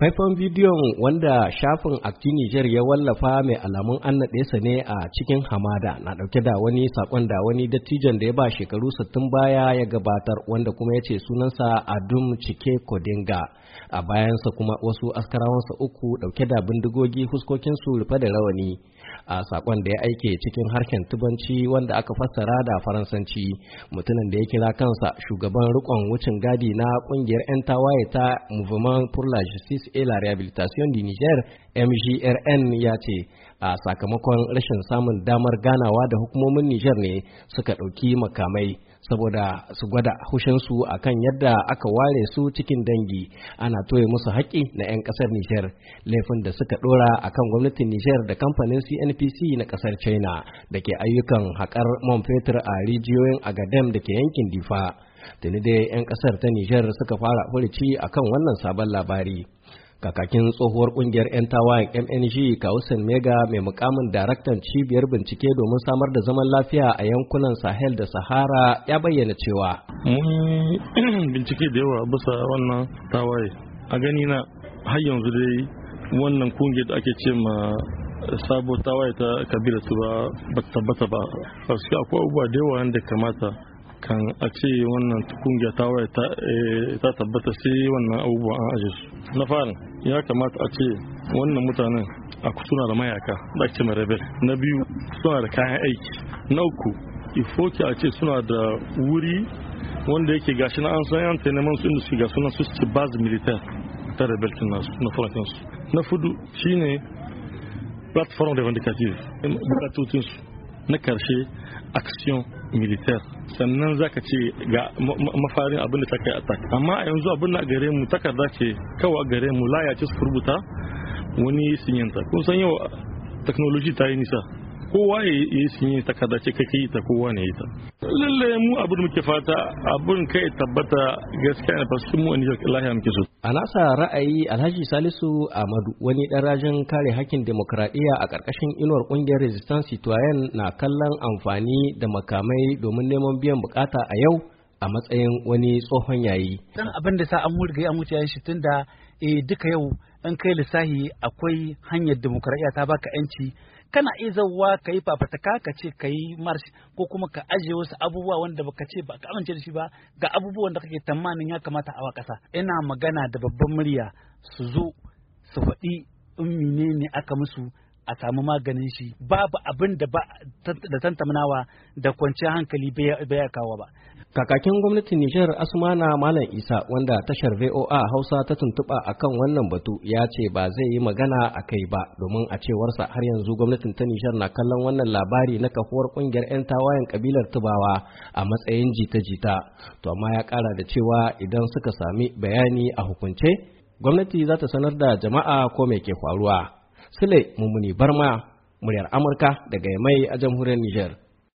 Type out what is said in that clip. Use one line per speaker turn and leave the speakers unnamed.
Faifan bidiyon wanda shafin Akti Niger ya wallafa mai alamun an naɗe sa ne a cikin hamada na ɗauke da wani saƙon da wani dattijan da ya ba shekaru 60 baya ya gabatar wanda kuma ya ce sunansa Adum Cike Kodinga. A bayansa kuma wasu askarawansa uku ɗauke da bindigogi huskokinsu rufe da rawani. A saƙon da ya aike cikin harshen tubanci wanda aka fassara da faransanci mutumin da ya kira kansa shugaban rikon wucin gadi na ƙungiyar 'yan tawaye ta Mouvement pour la et la réhabilitation du Niger MJRN ya ce a sakamakon rashin samun damar ganawa da hukumomin Niger ne suka ɗauki makamai saboda su gwada hushinsu a kan yadda aka ware su cikin dangi ana toye musu haƙƙi na 'yan ƙasar Niger. laifin da suka ɗora a kan gwamnatin Niger da kamfanin CNPC na ƙasar China da ke ayyukan haƙar man fetur a rijiyoyin Agadem da ke yankin Difa. tuni dai 'yan kasar ta nijar suka fara furici akan wannan sabon labari kakakin tsohuwar kungiyar 'yan tawayen mng kawusin mega mai mukamin daraktan cibiyar bincike domin samar da zaman lafiya a yankunan sahel da sahara ya
bayyana cewa mun bincike da yawa bisa wannan tawaye a gani na har yanzu dai wannan kungiyar da ake ce ma sabo tawaye ta kabila su ba tabbata ba a akwai abubuwa da yawa da kamata kan a ce wannan kungiya ta waye eh, ta tabbata sai wannan abubuwan an aje su na fara ya kamata a ce wannan mutanen a suna da mayaka da ake marabel na biyu suna da kayan aiki na uku ifoki a ce suna da wuri wanda yake gashi na an san yanta teneman su inda su ga na su ci baz militar ta rebelkin nasu na farakin su na fudu shine platform revendicative eh, bukatotin su na karshe action militaire sannan zaka ce ga mafarin abin da ta kai attack amma a yanzu abin na gare mu takarda ce kawai gare mu laya ce su rubuta wani sinyanta kun san yau technology ta yi nisa kowa ya yi ta kada ce kake yi ta kowa ne ita lalle mu abin muke fata abin kai tabbata gaskiya na fasu mu ne lahiya muke so a nasa
ra'ayi Alhaji Salisu amadu wani dan rajin kare hakkin demokradiyya a karkashin inuwar kungiyar Resistance Citoyen na kallon amfani da makamai domin neman biyan bukata a yau a matsayin wani tsohon yayi
dan abin da sa an murga an wuce shi tunda e duka yau an kai lissahi akwai hanyar demokradiyya ta baka yanci kana iya zauwa ka yi fafataka ka ce ka yi marsh ko kuma ka ajiye wasu abubuwa wanda baka ce ba ka amince da shi ba ga abubuwan da kake tamanin ya kamata a kasa ina magana da babban murya su zo su faɗi in menene aka musu a samu maganin shi babu abin da ba da tantamnawa da kwanciyar hankali bai kawo ba
Kakakin gwamnatin Nijar Asmana Malam Isa wanda tashar VOA Hausa ta tuntuɓa akan wannan batu ya ce ba zai yi magana a kai ba domin a cewarsa har yanzu gwamnatin ta Nijar na kallon wannan labari na kafuwar ƙungiyar 'yan tawayen kabilar Tubawa a matsayin jita-jita. To amma ya kara da cewa idan suka sami bayani a hukunce, gwamnati za ta sanar da jama'a ko me ke faruwa. Sule Mumuni Barma, muryar Amurka daga Yamai a jamhuriyar Nijar.